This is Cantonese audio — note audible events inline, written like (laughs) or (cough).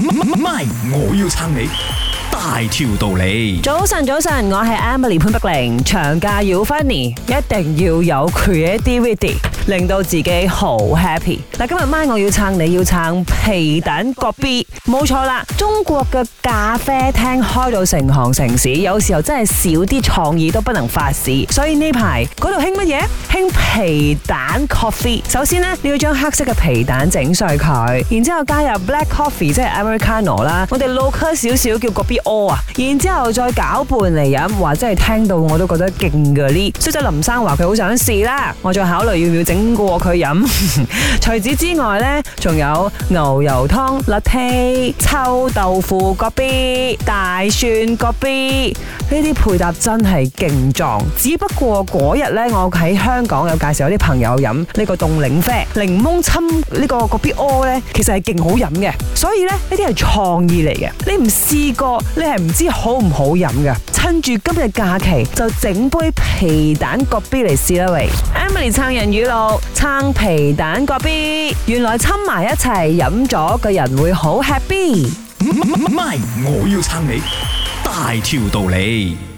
唔係，ai，我要撐你大條道理。早晨，早晨，我係 Emily 潘碧玲，長假要 funny，一定要有 creative。令到自己好 happy。嗱，今日晚我要撐你，要撐皮蛋咖啡，冇錯啦！中國嘅咖啡廳開到成行成市，有時候真係少啲創意都不能發市。所以呢排嗰度興乜嘢？興皮蛋 coffee。首先呢，你要將黑色嘅皮蛋整碎佢，然之後加入 black coffee，即係 Americano 啦。我哋 local 少少叫咖啡 all 啊，然之後再攪拌嚟飲，話真係聽到我都覺得勁噶啲。衰仔林生話佢好想試啦，我再考慮要唔要。整過佢飲， (laughs) 除此之外呢，仲有牛油湯、辣皮臭豆腐、gelbi 大蒜 gelbi。呢啲配搭真係勁撞，只不過嗰日咧，我喺香港有介紹有啲朋友飲呢個凍檸啡，檸檬摻呢個個 B O 咧，其實係勁好飲嘅。所以咧，呢啲係創意嚟嘅，你唔試過，你係唔知好唔好飲嘅。趁住今日假期，就整杯皮蛋個 B 嚟試啦，喂！Emily 撐人語錄，撐皮蛋個 B，原來摻埋一齊飲咗嘅人會好 happy。唔係，我要撐你。大條道理。